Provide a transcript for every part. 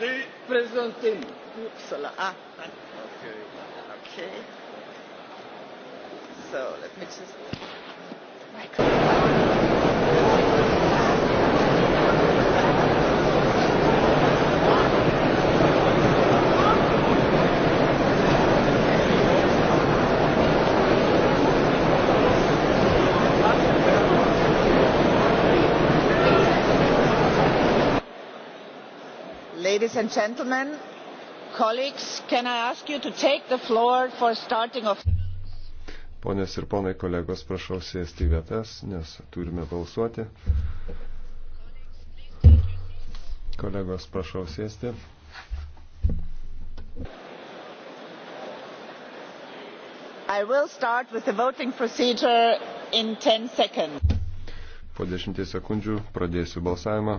de... Präsidentin. Uppsala. Ah, danke. Okay. Okay. So, let me just... Microphone. ladies and gentlemen colleagues can i ask you to take the floor for starting of Ponios ir ponai kolegos, prašau sėsti į vietas, nes turime balsuoti. Kolegos, prašau sėsti. I will start with the voting procedure in 10 seconds. Po 10 sekundžių pradėsiu balsavimą.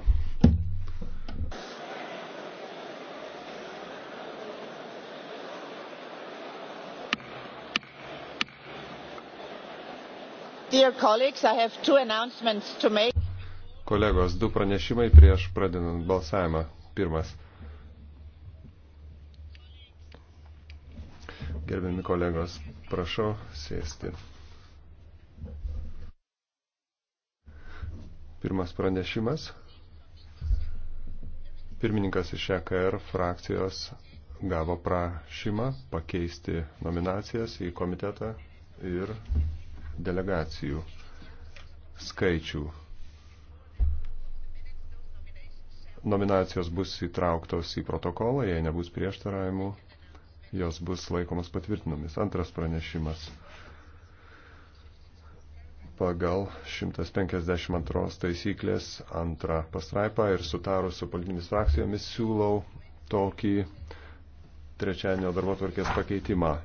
Kolegos, du pranešimai prieš pradedant balsavimą. Pirmas. Gerbiami kolegos, prašau sėsti. Pirmas pranešimas. Pirmininkas iš EKR frakcijos gavo prašymą pakeisti nominacijas į komitetą ir delegacijų skaičių. Nominacijos bus įtrauktos į protokolą, jei nebus prieštaravimų, jos bus laikomas patvirtinomis. Antras pranešimas pagal 152 taisyklės antrą pastraipą ir sutarus su politinėmis frakcijomis siūlau tokį trečiadienio darbo tvarkės pakeitimą.